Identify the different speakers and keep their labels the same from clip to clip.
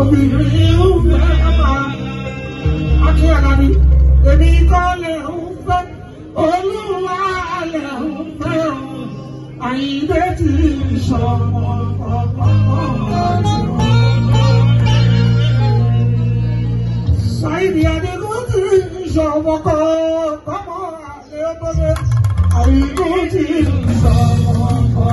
Speaker 1: obìnrin ń fẹ́ àti àlàbí èmi kọ́ lè ń fẹ́ olúwa lè ń fẹ́ o àyíké tí ì sọmọ ọmọ. Sáyidì Adékú tí ì sọmọ kọ́ ọmọ àlè ọmọdé àyíké tí ì sọmọ ọmọ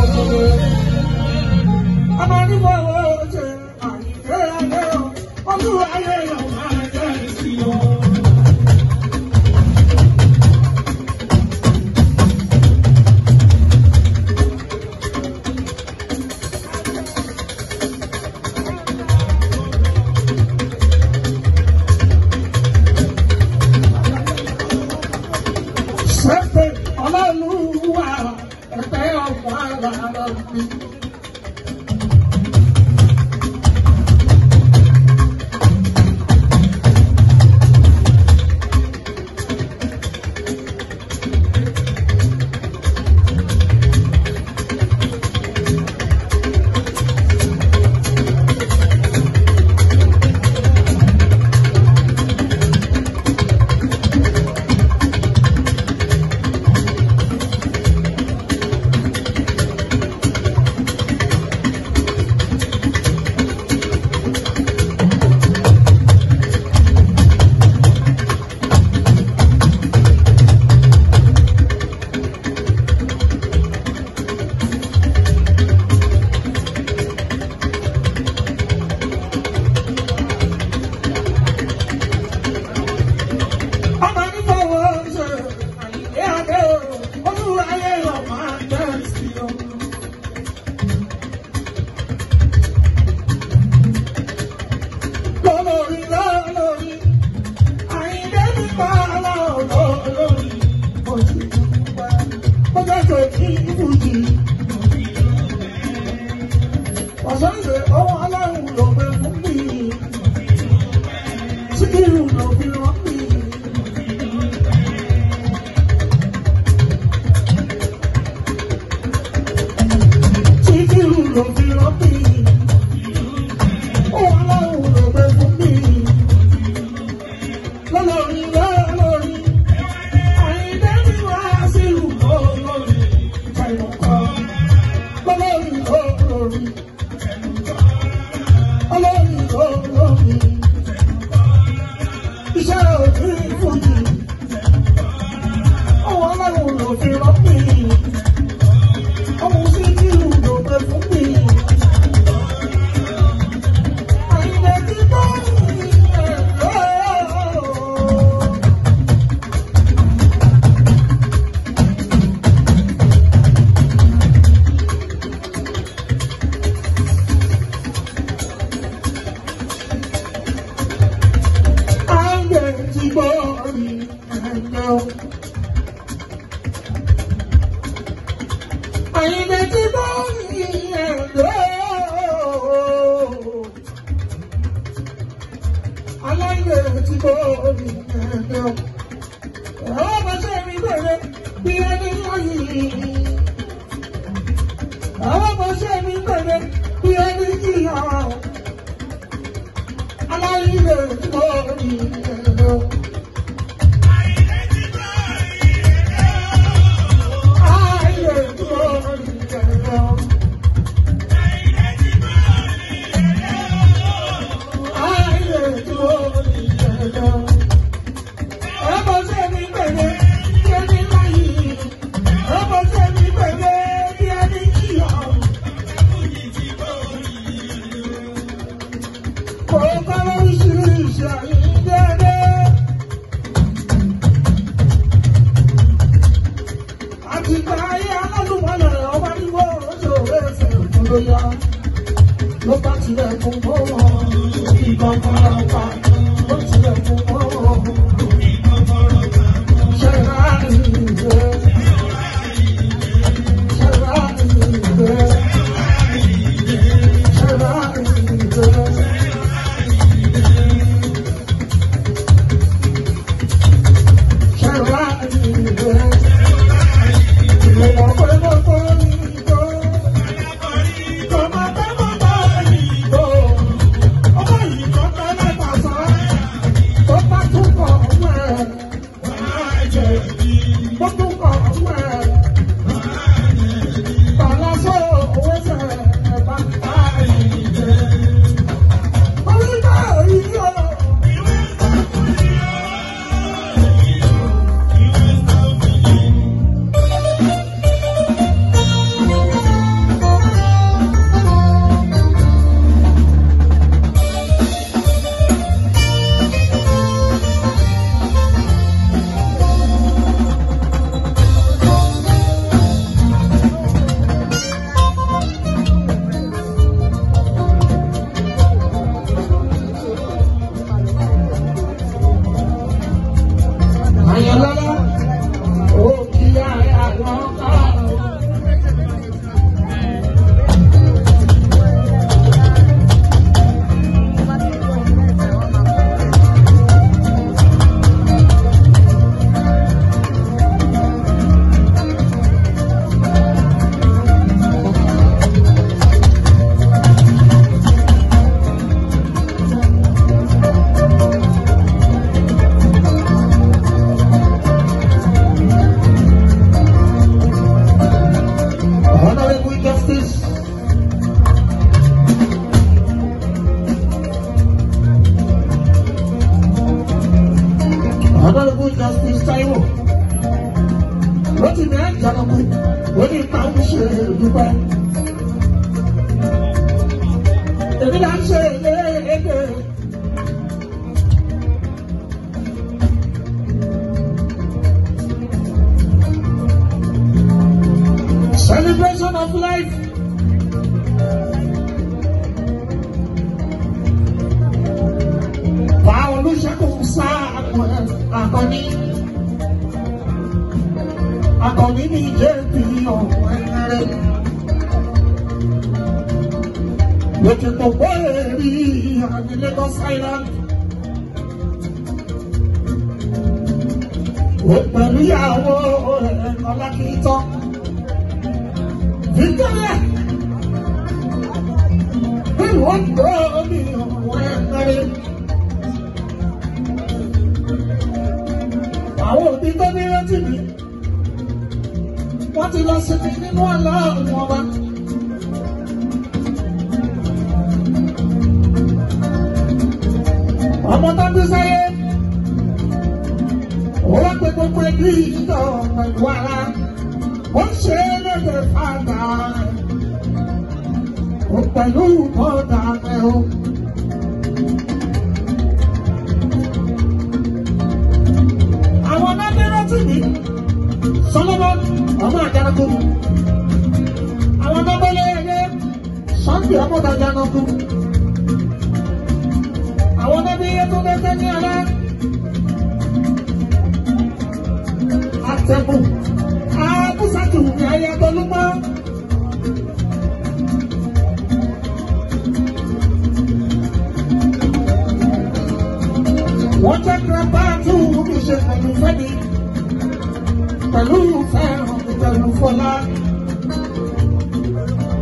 Speaker 1: àlè ọmọdé ọmọ onímọ̀ ọ̀rọ̀ ṣe I Alive, Alive, Alive, gbóná ló bá tilẹ̀kùn mọ́ ìbọn kan lọ́pàá Àkànní Àkànní ní JP ọ̀hún ẹ̀rẹ́. Lójú gbogbo èrì àti Lagos Island. Pẹ̀lú ìyàwó rẹ̀ Ọlákìtọ́. Victoria bí wọ́n àwọn òbí tó ní rántí mi wọ́n ti lọ sinmi nínú àlọ́ àwọn ọba. ọmọ tó ń sáyé ó wá pé gbogbo ẹbí ìjọ pẹ̀lú ara ó ṣe é lóde fàdà ó pẹ̀lú bọ́dà mẹ́rin. sídìí Solomon ọmọ àjànàkú àwọn ọmọbọlẹ ẹyẹ Sunday ọmọ àjànàkú àwọn ọmọbí iye tó dẹ́sẹ̀ ní alẹ́ àtẹ̀kù àbúsàtù ní ayé ẹgbẹ́lúmọ́. Wọ́n jẹ́ kí wọ́n bá tún omi ṣe pẹ̀lú fẹ́ni pẹ̀lú fẹ́ràn pẹ̀lú fọlá.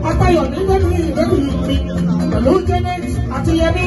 Speaker 1: Apáyọ̀ ní pẹ̀lú ìrẹ́lú mi pẹ̀lú Janet àti Yẹmí.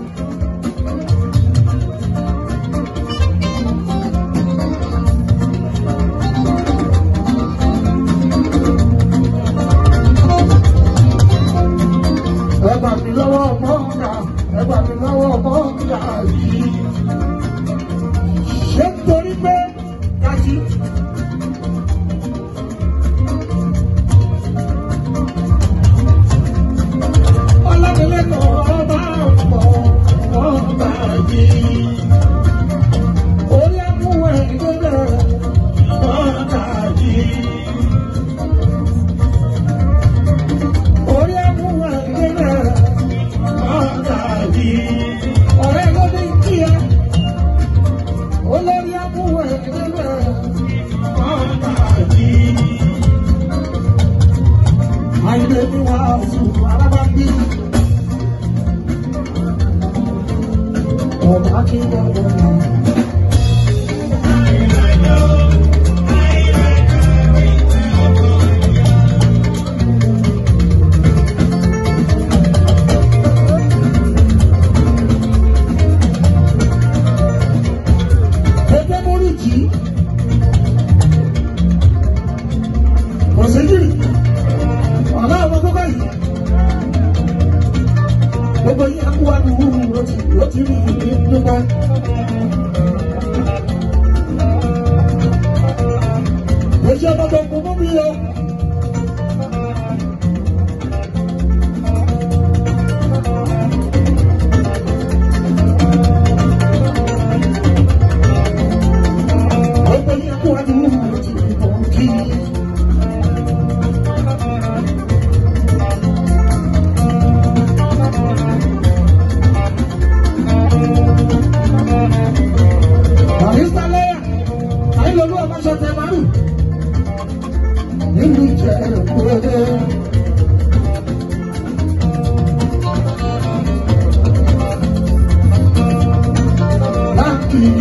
Speaker 1: لو ما نبى I'm talking about you. night. Yeah.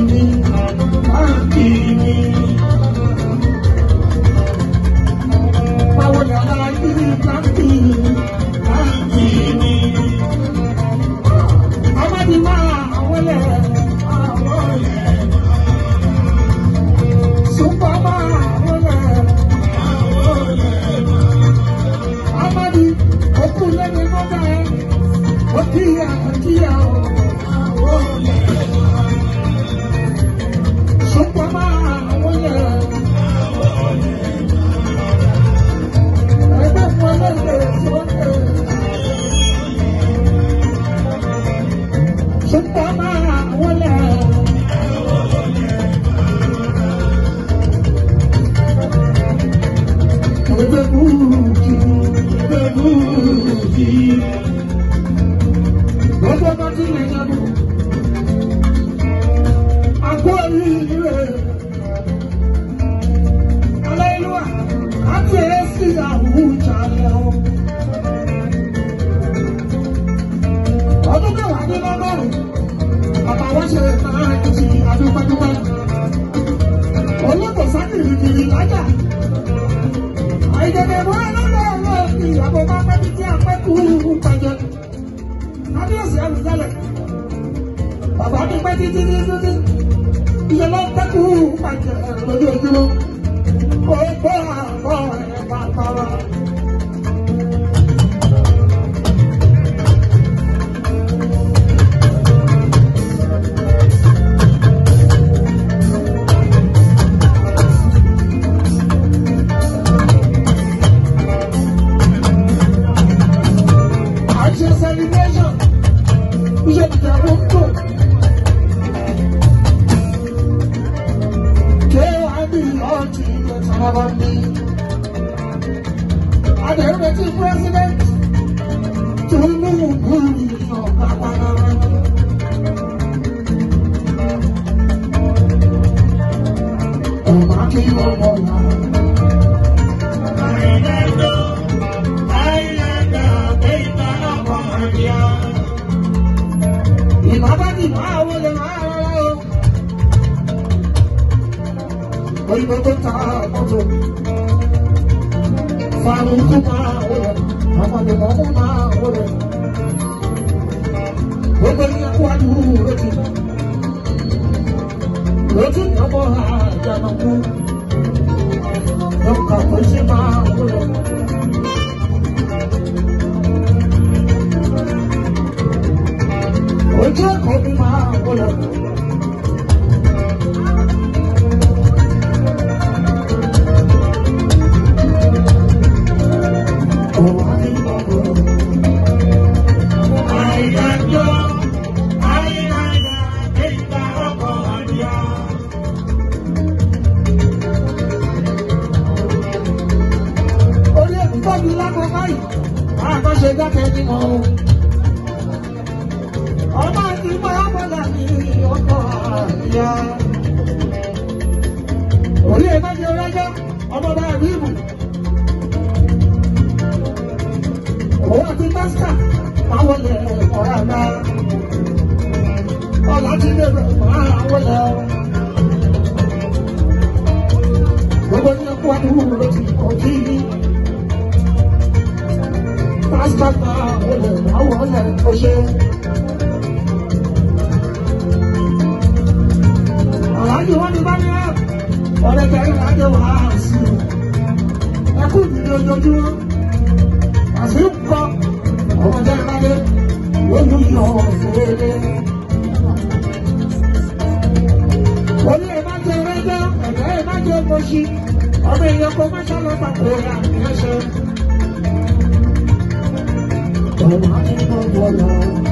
Speaker 1: lọ́jà. Àìtètè bọ́ lọ́lọ́ọ̀lọ́ fi àbò bá pẹ́ títí àpẹ́kù pàjẹ́. Kábíyèsí Àwùjalẹ̀, bàbá mi pẹ́ títí títí. Iye lọ pẹ́kù pàjẹ́ lójoojúmọ́. Ó gbọ́ àbọ̀ ẹ̀ bàbá wa. I'm a celebration. We should have one good. Care I be on to you that have on me.
Speaker 2: And the elected
Speaker 1: president
Speaker 2: to remove who you saw. Oh, my God, oh, my God.
Speaker 1: má bá dì má owó lè má rárá o. òyìnbó tó ta mọ́tò farukú má owó lè ọmọdé mọ́kú má owó lè. gbogbo ní akwájú lójú lójú ọmọ àjàmọ̀kú lọ́kà kò ṣe má owó lè. Hãy subscribe cho kênh mà, cô Gõ òjìlì. Pásítọ̀tà olè láwọn ọ̀lẹ̀ tó ṣe.
Speaker 2: Àwájú wọn ni
Speaker 1: báyà ọ̀rẹ́ kẹrin lájọ wà á sí o. Ẹkú mi ní ojoojúmọ́. Àfi ń kọ́ ọmọdé láyé lójú yọ òfurufú.
Speaker 2: Olú ẹ̀ má jẹ ọmọ èèyàn kò